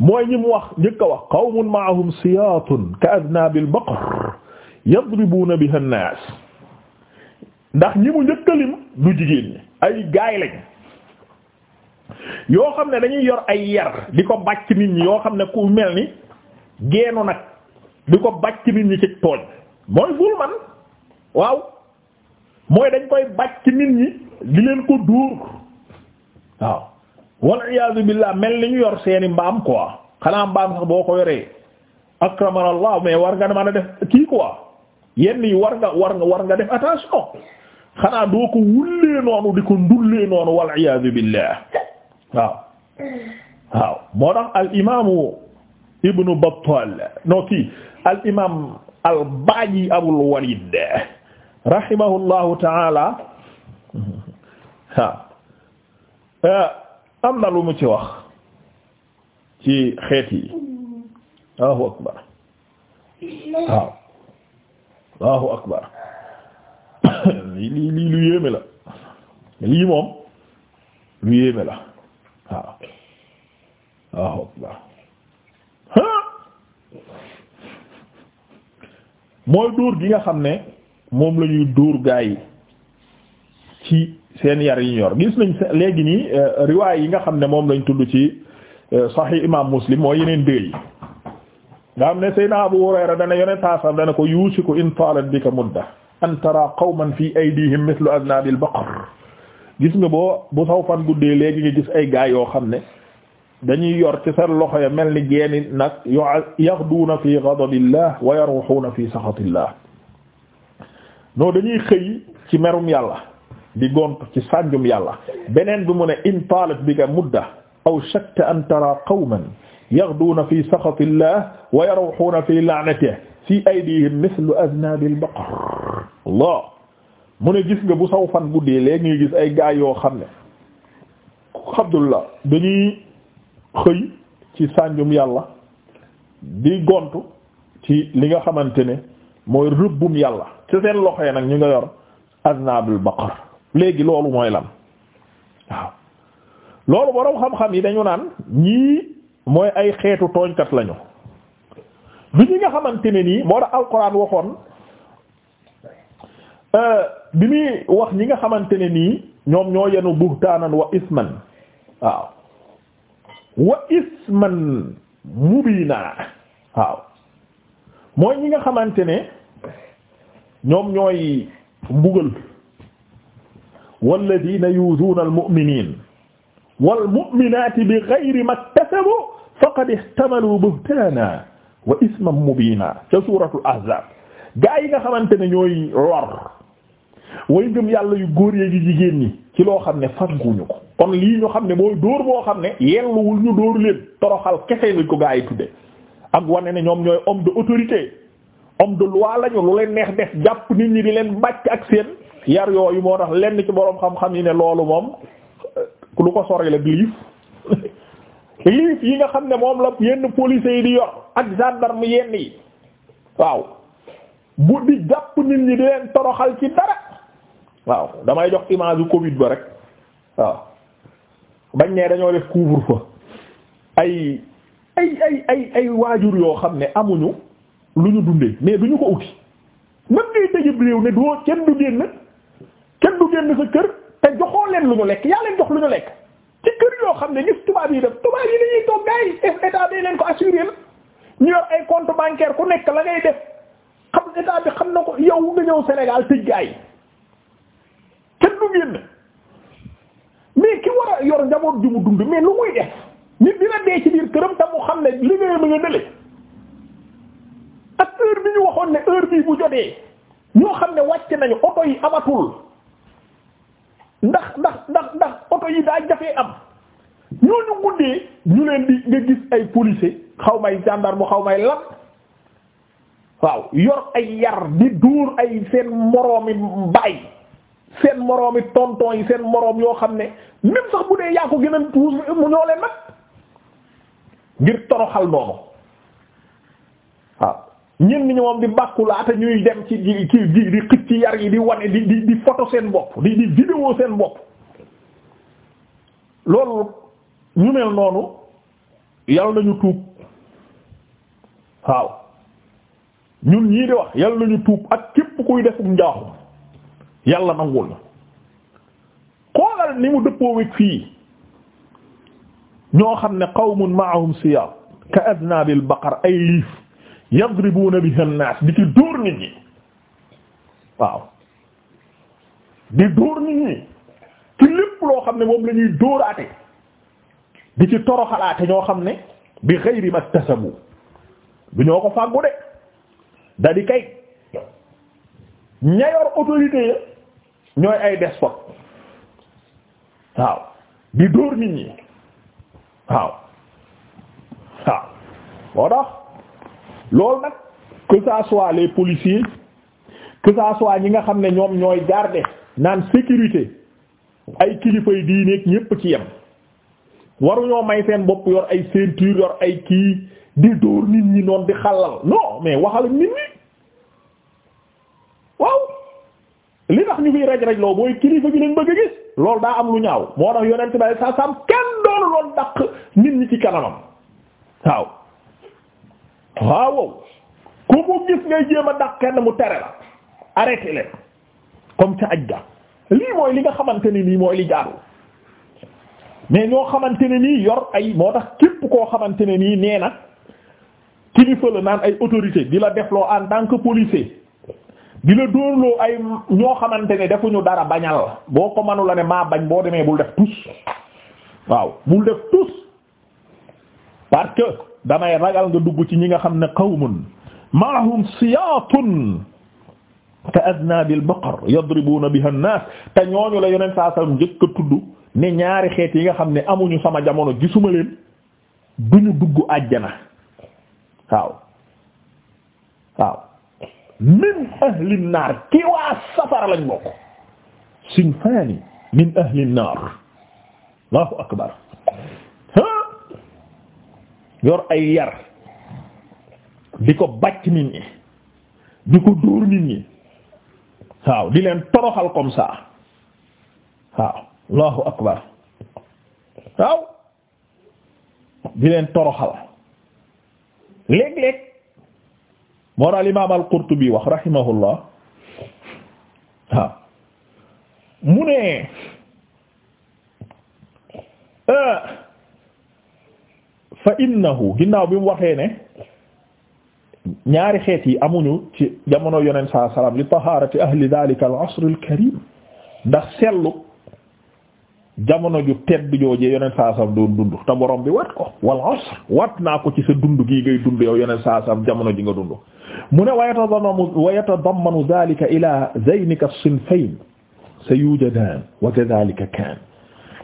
mooy ñi mu wax njëkk a wax qawmun ma'ahum siyaatun ka adnaabil baqar yadribuuna biha an-naas ndax ñi mu njëkk lim du jigéen ñi ay gaay lañ yoo xam ne dañuy yor ay yar di ko bàcc nit ñi yoo xam ne ku mel ni geenu nag di ko bàcc nit ñi ci tooñ mooy zulman waaw mooy dañ koy bàcc nit ñi di leen ko dóor waaw wal iyaazu billaah mel ni ñu yor seeni mbaam quoi xanaa mbaam sax boo ko yoree akramanallah mais war nga mën a def kii quoi yenn war nga war nga def attention xanaa doo ko wullee noonu di ko ndullee noonu wal iyaazu billaah waaw waaw moo tax al imaamu ibnu Battaal noo kii al imaam al baaji abul walid rahimahullahu taala waaw am na lu mu ci wax ci xeet yi allahu akbar waaw allahu akbar lii lii lu yéeme la lii moom lu yéeme la waaw allahu akbar mooy dóor gi nga xam ne moom lañuy duur dóor gaa yi ci seen yar yi yor gis nañ léegi nii euh, riwaay yi nga xam ne moom lañ tudd ci euh, sahih imam muslim moo yeneen dëy nga xam ne sayna abu hurayra dana yone taasam dana ko yuusiku in taalat bika mudda an tara qawman fi aydihim mithlu adnabil baqar gis nga boo bu saw fan guddee léegi nga gis ay gaay yoo xam ne dañuy yor ci seen loxo ya mel ni geeni nag yaxduuna fi ghadabillah wa yaruhuuna fi sakhatillah non dañuy xëy ci merum yàlla di gont ci sànjum yàlla beneen bi mune ne in taalat bika mudda aw shakka an tara qawman yaghduuna fi saxati llah wa yarawhuuna fi la'natihi fi aydihim mithlu aznaabil baqar Allah mu ne gis nga bu saw fan guddee léegi nga gis ay gaay yoo xam ne Abdullah dañuy xëy ci sànjum yàlla di gontu ci li nga xamante ne mooy rëbbum yàlla ci seen loxo yi nag ñu nga yor aznaabil baqar léegi loolu mooy lan waaw loolu boroom xam-xam yi dañu naan ñii mooy ay xeetu tooñkat lañu bi ñi nga xamante ne nii moo tax alxuraan waxoon euh, bi muy wax ñi nga xamante ne nii ñoom ñoo yenu buhtaanan wa isman waaw wa isman mubiina waaw mooy ñi nga xamante ne ñoom ñooy mbugal walladina yuuzuuna almu'miniin walmu'minaati bighayri maktasabu faqad ihtamalu buhtaanan wa isman mubiinan ca suuratul ahzaab gaa yi nga xamante ne ñooy lor way ngëm yàlla yu góor yi jigéen ñi ci loo xam ne fanguñu ko kon lii ñu xam ne mooy dóor xam ne yelluwul ñu dóor leen toroxal kese lañ ko gaa yi tudde ak wane ne ñoom ñooy homme de autorité homme de loi lañu lu leen neex def jàpp nit ñi di leen bàcc ak seen yar yooyu moo tax lenn ci boroom xam-xam yi ne loolu moom lu ko sori la liif liif yi nga xam ne moom la yenn policiers yi di yor ak gendarme yenn yi waaw bu di jàpp nit ñi di leen toroxal ci dara waaw damay jox image yu Covid ba rek waaw bañ ne dañoo def couvre-feu ay ay ay ay waajur yoo xam ne amuñu lu ñu dundee mais duñu ko uti même ngay tëjëb réew ne doo kenn du génn kenn du génn sa kër te joxoo leen lu ñu lekk yaa leen jox lu ñu lekk ci kër yoo xam ne gis tubaab yi def tubaab yi dañuy toog gars yi état leen ko assuré ñu yor ay compte bancaire ku nekk la ngay def xam état bi xam na ko yow nga ñëw Sénégal tëj gars yi kenn du génn mais ki war a yor njaboot ju mu dund mais lu muy def nit dina dee ci biir këram te mu xam ne liggéeyam nga dële ak heure bi ñu waxoon ne heure bii bu jotee ñoo xam ne wàcc nañu oto yi amatul. ndax ndax ndax ndax oto yi daa jafee am ñooñu guddee ñu leen di nga gis ay policier xaw may mu xaw may lan waaw yor ay yar di dóor ay seen moroomi baay seen moroomi tonton yi seen moroom yoo xam ne même sax bu dee yaa ko gën a tuus mu ñoo leen nag ngir toroxal noonu waaw ñenn ñi moom di bàkku laata ñuy dem ci ci ci di xëcc ci yar yi di wane di di foto seen bopp di di vidéo seen bopp loolu ñu mel noonu yàlla nañu tuub waaw ñun ñii di wax yàlla nañu tuub ak képp kuy defum njaaxum yàlla nangul xoolal ni mu dëppoo wég fii ñoo xam ne qawmun ma'ahum siyab ka adnabil baqar ay liif yadribuuna biha an-naas di ci dóor nit ñi waaw di dóor nit ñi ci lépp loo xam ne moom la ñuy dóoraate di ci toroxalaate ñoo xam ne bi ghayri maktasabu du ñoo ko fàggu de da di kay ñayor autorité ya ñooy ay despote waaw di dóor nit ñi waaw waaw moo tax lool nag que ça soit les policiers que ñi nga xam ne ñoom ñooy garder naan sécurité ay kilifay diineeg ñépp ci yem waruñoo may seen bopp yor ay ceinture yor ay kii di dóor nit ñi noon di xalal non mais waxal nit ñi waaw li tax ñu fiy raj raj loo mooy kilifa gi lañ bëgg a gis loolu daa am lu ñaaw moo tax yonent bi saa kenn doonu loon daq nit ñi ci kanamam waaw. waaw ku gis ngay jéem a dàq kenn mu tere la arrêté leen comme ca aj ga lii mooy li nga xamante ni nii mooy li jaaru mais ñoo xamante ne nii yor ay moo tax képp koo xamante ne nii nee na kilifa la naan ay autorité di la defloo en tant que policier di la dóorloo ay ñoo xamante ne defuñu dara bañal boo ko mënu la ne maa bañ boo demee bul def tus waaw bul def tus parce que damay ragal nga dugg ci ñi nga xam ne qawmun maahum siyaatun ka bi baqar yadribuuna biha an-naas ñooñu la yeneen saa sallam njëkk tudd ne ñaari xeet yi nga xam ne amuñu sama jamono gisuma leen duñu dugg àjjana waaw waaw min ahli naar ki safara lañ bokk sinfaani min ahli naar allahu akbar yor ay yar di ko bàcc nit ñi di ko dóor nit ñi waaw di leen toroxal kom ça waaw allahu akbar waaw di leen toroxal léeg-léeg moo daal imaam qurtubi wax rahimahullah waaw mu ne euh, fa innahu ginnaaw bi mu waxee ne ñaari xeet yi amuñu ci jamono yonent saa salaam li taharati ahli dhalika al asr al karim ndax sellu jamono ju tedd joojee yonent saa salaam doon dund te borom bi wat ko wal asr wat naa ko ci sa dund gii ngay dund yow yonent saa salaam jamono ji nga dund mu ne wa yatadammanu wa yatadammanu dhalika ila zaynika as-sinfayn sayujadan wa kadhalika kan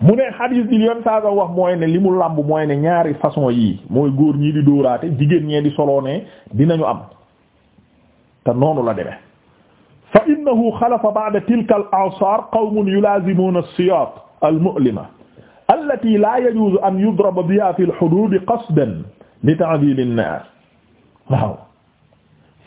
mu ne xadiis bi yoon saa sa mooy ne li mu làmb mooy ne ñaari façon yii mooy góor ñii di dóoraate jigéen ñee di soloonee dinañu am te noonu la demee fa innahu xalafa ba'da tilka al a'saar qawmun yulaazimuuna as-siyaat al-mu'lima allati laa yajuuzu an yudraba bihaa fi al-huduud qasdan li naas waaw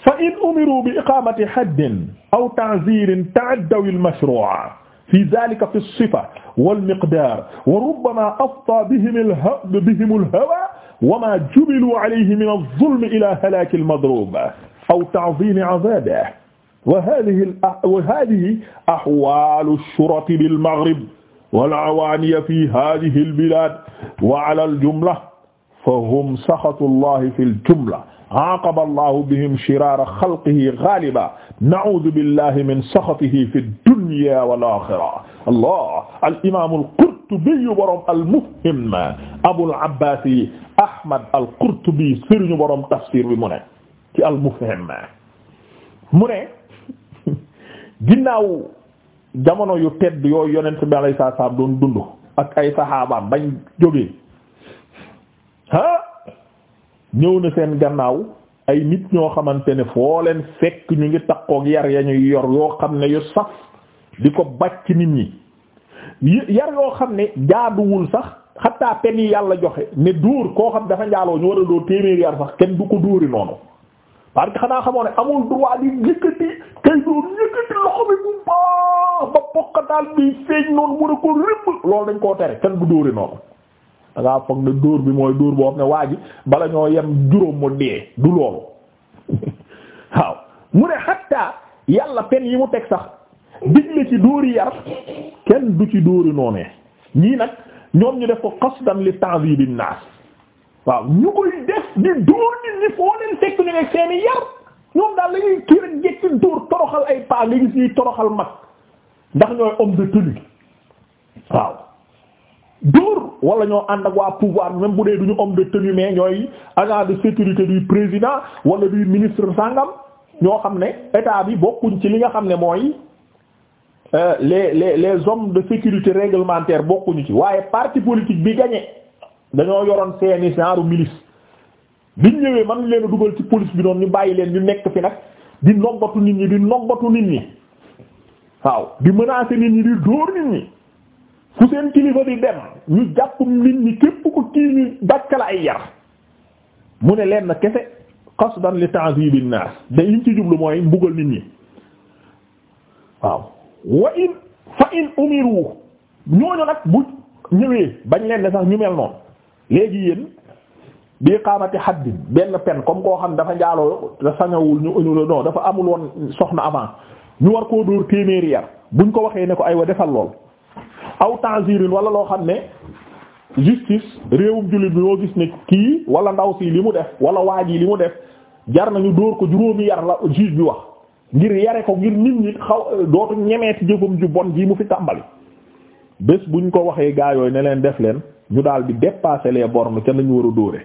fa bi iqaamati haddin aw ta'ziirin ta'addaw al fi zalika fi sifa wal miqdar wa rubbama afta bihim al-hawa wa ma jubilu alayhi min az-zulm ila halak al-madrub aw ta'zim 'adabihi wa hadhihi wa hadhihi ahwal ash-shurat bil-maghrib wal-'awaniya fi hadhihi al-bilad wa 'ala al-jumla fa hum sakhatu Allah fi al-jumla aqaba allahu bihim shirara xalqihi ghaliba na'uudu billahi min saxatihi fi dunya wal axira allah al imam al qurtubi borom al mufhim abul abbas ahmad al qurtubi sëriñu borom tafsir bi mu ne ci al mufhim mu ne ginnaaw jamono yu tedd yooyu yonent bi alayhi salaam doon dund ak ay saxaabaam bañ jógee ha ñëw na seen gannaaw ay nit ñoo xamante ne foo leen fekk ñu ngi takkook yar ya ñuy yor yoo xam ne yu saf di ko bàcc nit ñi yar yoo xam ne jaaduwul sax xataa pen yi yàlla joxe ne dóor koo xam dafa njaaloo ñu war a dóor téeméer yar sax kenn du ko dóori noonu parce xanaa xamoo ne amul droit di yëkkati kay dóor yëkkati loxo bi bu baax ba pokataal bi feeñ noonu mu ne ko rëbb loolu dañ koo tere kenn du dóori noonu da ngaa foog ne dóor bi mooy dóor boo xam ne waa ji bala ñoo yem juróom mu dee du loolu waaw mu ne xatta yàlla pen yi mu teg sax digle ci dóori yar kenn du ci dóori noonee ñii nag ñoom ñu def ko qasdan li ta'dhibin nas waaw ñu koy def di dóor nit ñi foo leen fekk ñu nekk seeni yar ñoom daal lañuy kii rek dóor toroxal ay paa nga gis ñuy toroxal mag ndax ñooy homme de tenue waaw dóor wala ñoo ànd ak waa pouvoir même bu dee duñu homme de tenue ñooy agent de sécurité du président wala du ministre sangam ñoo xam ne état bi bokkuñ ci li nga xam ne mooy euh, les les les hommes de sécurité réglementaire bokkuñu ci waaye parti politique bi gagné dañoo yoroon seeni genre milice biñ ñëwee man leen dugal ci police bi noonu ñu bàyyi leen ñu nekk fi nag di noggatu nit ñi di noggatu nit ñi waaw di menacer nit ñi di dóor nit ñi fu seen kilifa di dem ñu jàpp nit ñi képp ko kii ñu dàkkala ay yar mu ne leen na kese qasdan li ta'zib an-nas da liñ ci jublu mooy mbugal nit ñi waaw wa in fa in umiru ñooñu nag bu ñëwee bañ leen ne sax ñu mel noonu léegi yéen bi xaamati haddin benn pen comme koo xam dafa njaaloo da sañawul ñu ënula non dafa amul woon soxna avant ñu war koo dóor téeméeri yar buñ ko waxee ne ko ay wa defal lool aw tanzirin wala loo xam ne justice réewum jullit bi moo gis ne kii wala ndaw si li mu def wala waaj yi li mu def jar nañu dóor ko juróomi yar la juge bi wax ngir yare ko ngir nit ñi xaw dootu ñemeeti jëfam ju bon ji mu fi tàmbali bés ñu ko waxee gaa yooyu ne leen def leen ñu daal di dépasser les bornes ca nañu war a dóore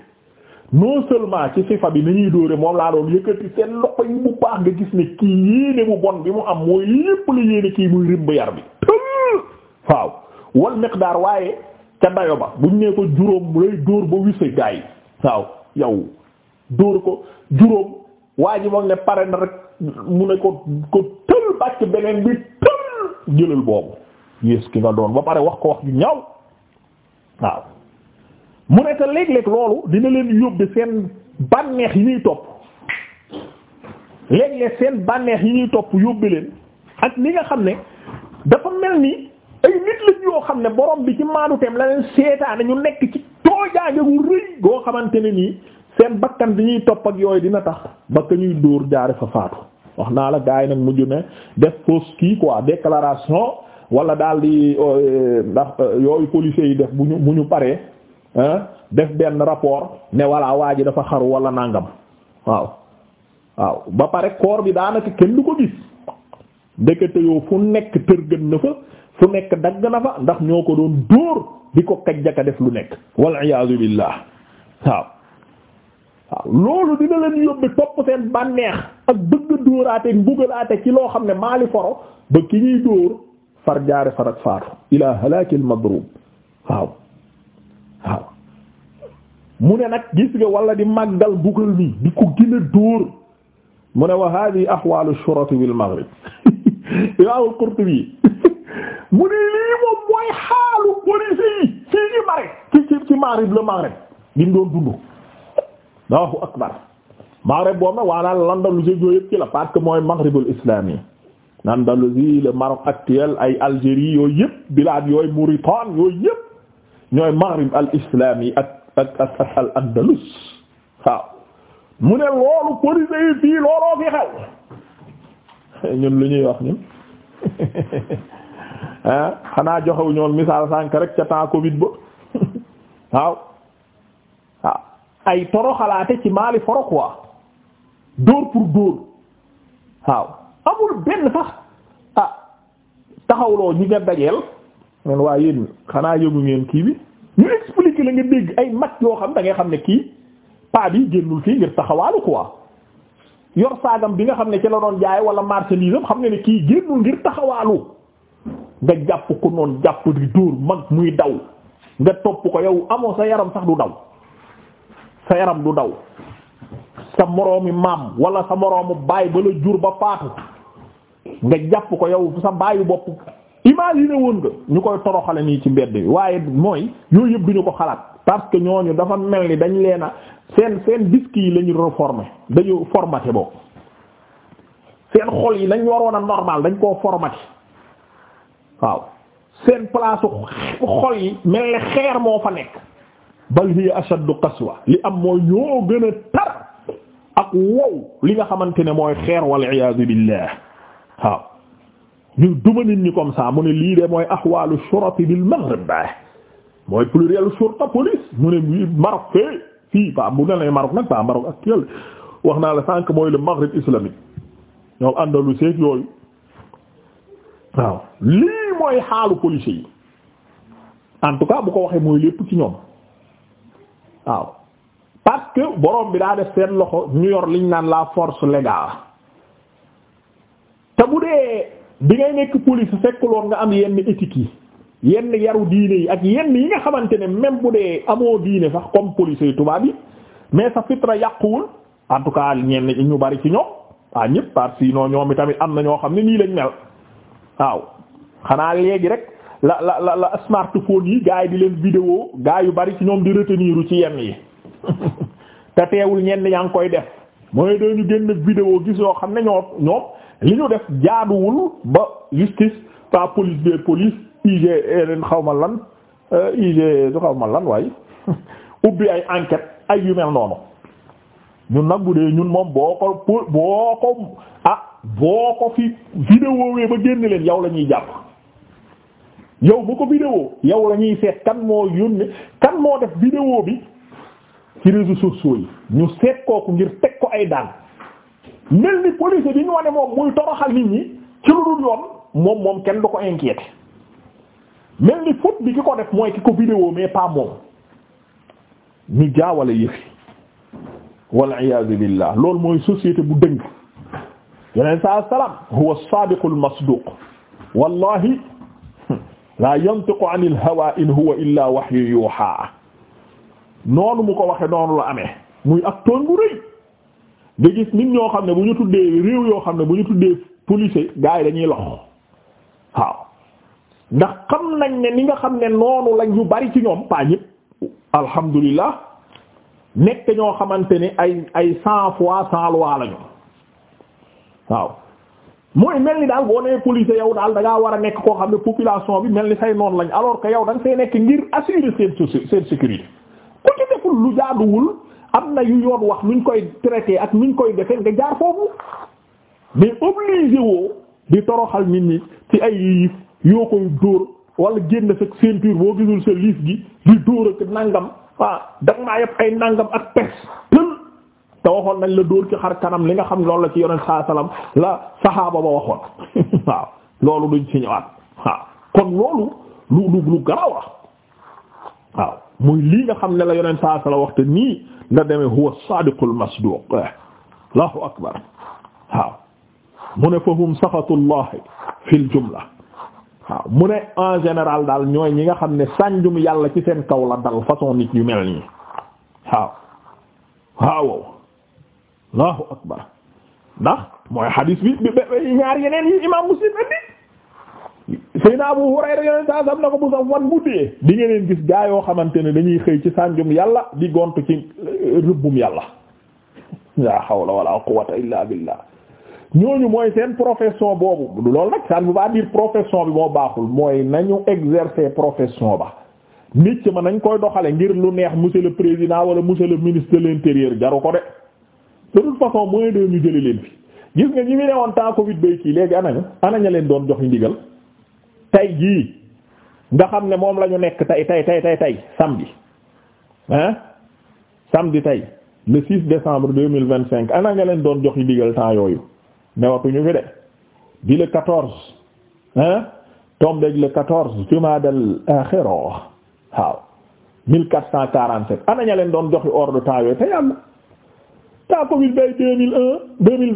non seulement ci sifa bi nañuy dóore moom laa doon yëkkati seen loxo yi bu baax nga gis ne kii yéene bu bon bi mu am mooy lépp la yéene bi waaw wal miqdaar waaye ca dayo ba buñ nee ko juróom lay dóor ba wise gaa waaw yow dóor ko juróom waa ji moom ne pare na rek mu ne ko ko tël bàcc beneen bi tël jëlal boobu yées ki nga doon ba pare wax ko wax ju ñaaw waaw mu ne te léeg-léeg loolu dina leen yóbbe seen bànneex yi ñuy topp léeg-léeg seen bànneex yi ñuy topp yóbbe leen ak li nga xam ne dafa mel ni ay nit lañ yoo xam ne borom bi ci maanuteem la leen seetaane ñu nekk ci toojaange gu rëy goo xamante ne nii seen bakkan bi ñuy topp ak yooyu dina tax ba ka ñuy dóor jaare fa faatu wax naa la gars yi nag mujj ne def fausse kii quoi déclaration wala daal di euh, ndax euh, yooyu policiers yi def bu ñu bu ñu paree def benn rapport ne voilà waa ji dafa xaru wala nangam waaw. waaw ba pare corps bi daanaka kenn du ko gis ndekete yoo fu nekk tër gën na fa. fu nekk dagg na fa ndax ñoo ko doon dóor di ko kajjaka def lu nekk wal iyaazu billah waaw waaw loolu dina leen yóbbi topp seen bànneex ak bëgg dóoraateek mbugalaate ci loo xam ne maali foro ba ki ñuy dóor far jaare far faatu ila halakil madrub waaw mu ne nag gis nga wala di màggal mbugal mi di ko gën dóor mu ne wa hadi ahwalu shurati bil maghrib imam al-Qurtubi mu ne lii moom mooy xaalu police yi fii ci Maghreb ci ci ci la Maghreb gi mu doon dund Allahu akbar Maghreb boobu nag waa daal l'Andalousie yooyu yëpp la parce mooy Maghribul islami l'Andalousie le Maroc ay Algérie yooyu yëpp bilaad yooyu Mauritanie yooyu yëpp ñooy Maghrib al islami ak ak ak ak al Andalus waaw mu ne loolu police yi fii looloo fi xew ñun lu ñuy wax ñun xanaa joxewu ñoom misaal sànk rek ca temps Covid ba waaw waaw ah, ay toroxalaate ci maali foro quoi dóor pour dóor waaw amul benn sax ah taxawloo ñi nga dajeel men waa yéen xanaa yëgu ngeen kii bi ñu expliquer la nga dégg ay mat yoo xam da ngay xam ne kii paa bi génnul fii ngir taxawaalu quoi yor saagam bi nga xam ne ci la doon jaay wala marchandise am xam nga ne kii génnul ngir taxawaalu nga jàpp ko noonu jàpp di dóor mag muy daw nga topp ko yow amoon sa yaram sax du daw sa yaram du daw sa moroomi maam wala sa moroomu baay ba la jur ba faatu nga jàpp ko yow sa baayu bopp imagine woon nga ñu koy toroxale nii ci mbedd bi waaye mooy yooyu yëpp duñu ko xalaat parce que ñooñu dafa mel ni dañ leen a seen seen disque yi lañu reformé dañu formaté boobu seen xol yi lañu waroon a normal dañ koo formaté waaw seen place xol yi mel ne xeer moo fa nekk bal hiya ashaddu qaswa li am mooy ñoo gën a tar ak wow li nga xamante ne mooy xeer wal iyaazu billah waaw ñu duma nit ñi comme ça mu ne lii de mooy a shurati bil maghrib mooy pluriel shurta police mu ne bii Maroc fee fii ba bu ne la Maroc nag ba Maroc actuel wax naa la sànq mooy le maghrib islamique ñoom Andalousie yooyu waaw lii mooy xaalu policier yi en tout cas bu ko waxee mooy lépp ci ñoom waaw parce que borom bi daa def seen loxo ñu yor liñ naan la force légale te bu dee bi ngay nekk police fekkuloon nga am yenn éthique yi yenn yaru diine yi ak yenn yi nga xamante ne même bu dee amoo diine sax comme police yi tubaab yi mais sa fitra yàquwul en tout cas ñenn ñu bari ci ñoom waa ñépp parce que sinon ñoom i tamit am na ñoo xam ne nii lañ mel. waaw xanaa léegi rek la la la la smartphone yi gaa yi di leen vidéo gaa yu bari ci ñoom di retenir ci yenn yi te teewul ñenn yaa ngi koy def mooy dañu génn vidéo gis yoo xam ne ñoo ñoom li ñu def jaaduwul ba justice par police des police IG eh, xaw ma lan euh, IG xaw ma lan waaye ubbi ay enquête ay yu noonu ñun nag bu dee ñun moom boo ko boo ko ah boo ko fi vidéo wee ba génn leen yow la ñuy jàpp yow bu ko vidéo yow lañuy ñuy seet kan moo yónne kan moo def vidéo bi ci réseaux sociaux yi ñu seet kooku ngir teg ko ay daan mel ni police bi ñu wane moom muy toroxal nit ñi ci lu dul yoon moom moom kenn du ko inquiété mel ni faute bi ki ko def mooy ki ko vidéo mais pas moom ñu jaawale yëfi wal iyaazu billah loolu mooy société bu dëng yeneen sa salaam huwa as-saadiqul masduuq wallahi laa yantiqu anil hawaa in huwa illaa wahyu yuuhaa noonu mu ko waxe noonu la amee muy ak toon bu rëy nga gis nit ñoo xam ne bu ñu tuddee réew yoo xam ne bu ñu tuddee police gars dañuy lox waaw ndax xam nañ ne ni nga xam ne noonu lañ ñu bari ci ñoom pas ñëpp alhamdulillah nekk ñoo xamante ni ay ay cent fois cent lois lañu waaw mooy mel ni daal boo nee police yow daal da war a nekk koo xam ne population bi mel ni say noonu lañu alors ko yow da nga nekk ngir assurer seen seen sécurité ku ci deful lu jaaduwul am na yu yoon wax nuñ koy traité ak nuñ koy defee nga jaar foofu mais obligé di toroxal nit ñi ci ay liif yoo koy dóor wala génn sa ceinture boo gisul sa liif gi di dóor ak nangam. waaw danga maa ay nangam ak pes pël te waxoon nañ la dóor ci xar kanam li nga xam loolu la ci yonent saa salaam la saxaaba ba waxoon waaw loolu duñ ci ñëwaat waaw kon loolu lu lu lu garaaw waaw muy lii nga xam ne la yonent saa salaam waxte nii nga deme huwa sadiqul masduq allahu akbar waaw mu ne fahum saxatullah fil jumla waaw mu ne en général daal ñooy ñi nga xam ne sànjum yàlla ci seen kaw la dal façon nit yu mel nii waaw waaw allahu akbar ndax mooy xadiis bi bi ñaar na ko bu saf wan bu dee di ngeen gis gaa yoo xamante ne dañuy xëy ci sànjum yàlla di gont ci rëbbum yàlla la hawla wala illa billah ñooñu mooy seen profession boobu loolu nag ça bu baa pas dire profession bi moo baaxul mooy nañu exercer profession ba nit ma nañ koy doxale ngir lu neex monsieur le président wala monsieur le ministre de l'intérieur jaru ko de de toute façon moyen de ñu jëli leen bi gis nga ñi mu ne woon temps Covid bay kii léegi anañu anaña leen doon jox ndigal tey jii nga xam ne moom la ñu nekk tey tey tey tey tay samedi hein samedi tay le 6 décembre 2025 ana nga leen doon jox yi digal temps yooyu newatuñu fi de di le quatorze hein tombeeg le quatorze jumaadal axira waaw mille quatre cent quarante sept ana ña leen doon joxi hors de temps yooyu te yàlla taa Covid bay deux deux mille un deux mille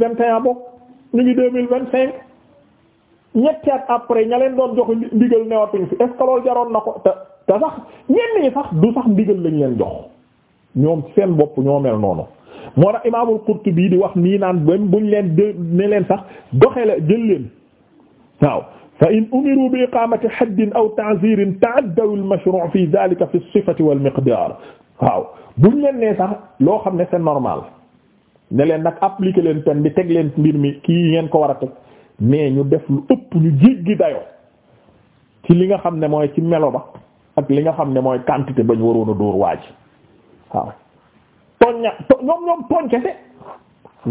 vingt cinq ñetti at après ña leen doon joxi ndigal newatuñ fi est jaroon na ko te te sax ñenn ñi sax du sax ndigal lañ leen jox ñoom seen bopp ñoo mel noonu moo tax imaamul bii di wax nii naan ba buñ leen jë ne leen sax doxe la leen waaw fa in umiru bi iqamati haddin aw ta'zirin ta'addaw al-mashru' fi dhalika fi as-sifati wal-miqdar waaw buñ leen nee sax loo xam ne c'est normal ne leen nag appliquer leen peine bi teg leen mbir mi kii ngeen ko war a teg mais ñu def lu ëpp ñu jéggi dayo ci li nga xam ne mooy ci melo ba ak li nga xam ne mooy quantité ba ñu waroon a dóor waaj waaw tooñ ñoom ñoom tooñ kese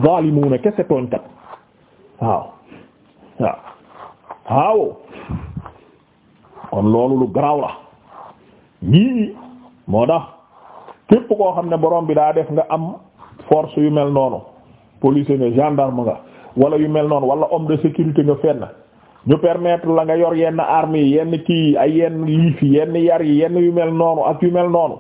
zalimuuna kese tooñkat waaw waaw waaw kon loolu lu garaaw la ñii moo tax képp koo xam ne borom bi daa def nga am force yu mel noonu policier nga gendarme nga wala yu mel noonu wala homme de sécurité nga fenn ñu permettre la nga yor yenn armes yenn kii ay yenn liif yi yenn yar yi yenn yu mel noonu ak yu mel noonu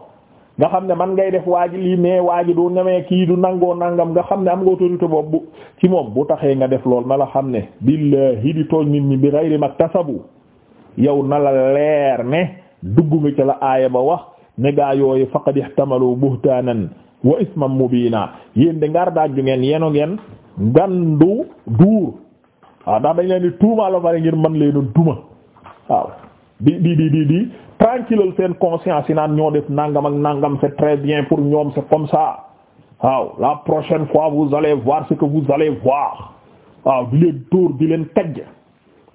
nga xam ne man ngay def waa lii mais waa ji du nemee kii du nangoo nangam nga xam ne am nga autorité boobu ci moom bu taxee nga def lool na la xam ne billahi di tooñ nit ñi bi ghayri maktasabu yow na la leer ne dugg nga ca la aaya ba wax ne gaa yooyu faqad ihtamalu buhtaanan wa isman mubiina yéen de ngar daaju ngeen yeno ngeen ngandu duur waaw ndax dañ leen di tuumaal a pare ngir man leen duma waaw di di di di di tranquille seen conscience yi naan ñoo def nangam ak nangam c'est très bien pour ñoom c'est comme ça waaw la prochaine fois vous allez voir ce que vous allez voir waaw di leen dóor di leen tëj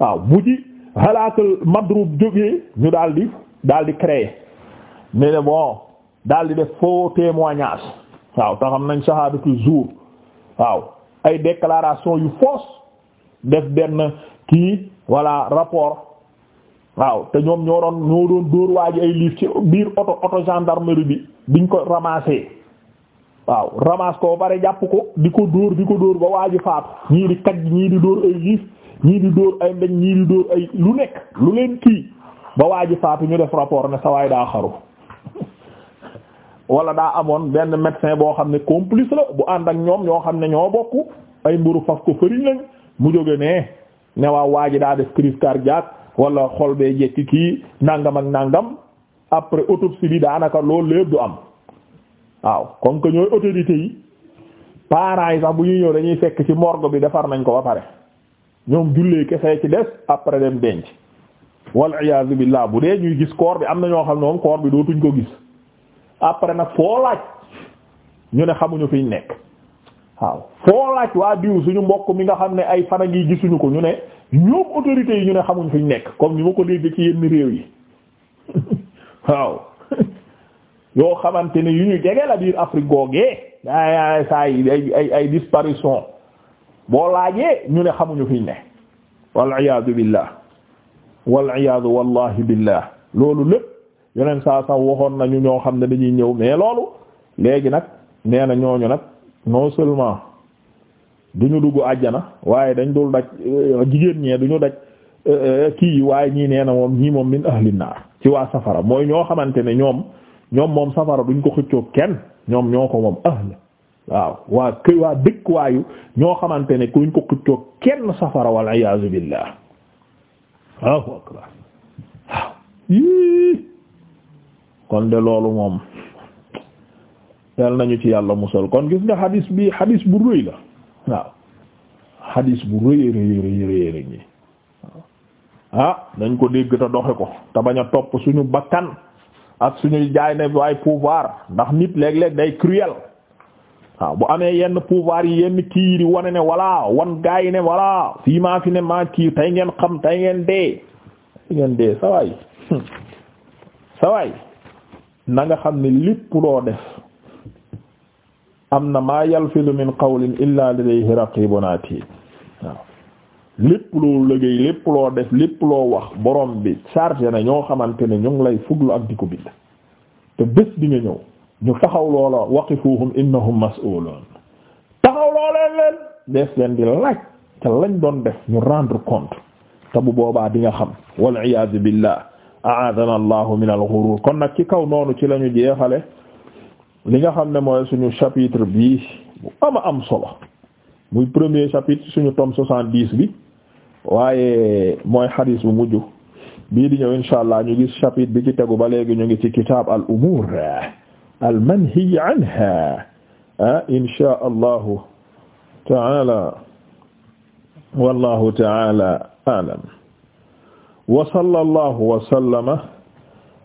waaw bu ji xalaakal madrub jógee ñu daal di daal di créer mais ne bon daal di def faux témoignage waaw ta xam nañ shahadatu zuur waaw ay déclaration yu fausse def benn kii voilà rapport waaw te ñoom ñoo doon ñoo doon dóor waa ay liif ci biir oto oto gendarmerie bi biñ ko ramasser waaw ramasse ko bare jàpp ko di ko dóor di ko dóor ba waa ji faatu ñii di kaj ñii di dóor ay ñii di dóor ay mbeñ ñii di ay lu nekk lu leen kii ba waa ji faatu ñu def rapport ne sa daa xaru wala daa amoon benn médecin boo xam ne complice la bu ànd ak ñoom ñoo xam ne ñoo bokk ay mburu faf ko fëriñ lañ mu jóge ne ne waa waa ji daa def crise cardiaque wala xol bee jekki kii nangam ak nangam après autopsie daanaka loolu lépp du am waaw comme que ñooy autorité yi parents yi sax bu ñuy ñëw dañuy fekk ci morgue bi defar nañ ko ba pare ñoom jullee kese ci des après dem denc wal iyaazu billaah bu dee ñuy gis corps bi am na ñoo xam ne moom corps bi dootuñ ko gis après nag foo laaj ñu ne xamuñu fiñ nekk waaw foo laaj waa diw suñu mbokk mi nga xam ne ay fan a ngi gisuñu ko ñu ne ñu ñoom autorités yi ñu ne xamuñ fuñ nekk comme ñu ma ko dégg ci yenn réew yi waaw yoo xamante ne yu ñu jege la biir Afrique googee ay ay ay ay ay boo laajee ñu ne xamuñu fiñ ne wal iyaadu billah wal iyaadu wallahi billah loolu lépp yeneen saa sax waxoon nañu ñoo xam ne dañuy ñëw mais loolu léegi nag nee na ñooñu nag non seulement du ñu dugg àjjana waaye dañ dul daj jigéen ñee du ñu daj eh, eh, kii waaye ñii nee na moom ñii moom min ahlin naar ci waa safara mooy ñoo xamante ne ñoom ñoom moom safara duñ ko xëccoog kenn ñoom ñoo ko moom ahl waaw waa këy waa dëkk waayu ñoo xamante ne kuñ ko xëccoog kenn safara wal iyaazu billah kon de loolu moom yal nañu ci yàlla musal kon gis nga xadis bi xadis bu rëy la waaw xadiis bu rëy rëy rëy rëy ñi ah nañ ko dégg te doxe ko te bañ a topp suñu bakkan ak suñuy jaay ne waaye pouvoir ndax nit léeg-léeg day cruel waaw ah, bu amee yenn pouvoir yi yenn kii di wane ne voilà wan gaa yi ne voilà fii maa fi ne maa kii tey ngeen xam tey ngeen dee tey ngeen dee sawaay sawaay na nga xam ne lépp loo def am na maa yalfidu min qawlin illa ladayhi raqibun atid waaw lépp loo liggéey lépp loo def lépp loo wax borom bi chargé na ñoo xamante ne ñu ngi lay fuglu ak di ko bind te bés di nga ñëw ñu taxaw loola waqifuhum innahum mas'ulun taxaw looleen leen dees leen di laaj ca lañ doon def ñu rendre compte te bu boobaa di nga xam wal iyaazu billah a'adana allahu min al ghurur kon nag ci kaw noonu ci lañu jeexale li nga xam ne mooy suñu chapitre bi bu ama am solo muy premier chapitre suñu tom soixante-dix bi waaye mooy xadis bu mujj bii di ñëw insha allah ñu gis chapitre bi ci tegu ba léegi ñu ngi ci kitaab al umur al manhiy anha ah, insha allahu taala wallahu taala alam wa sallallahu wa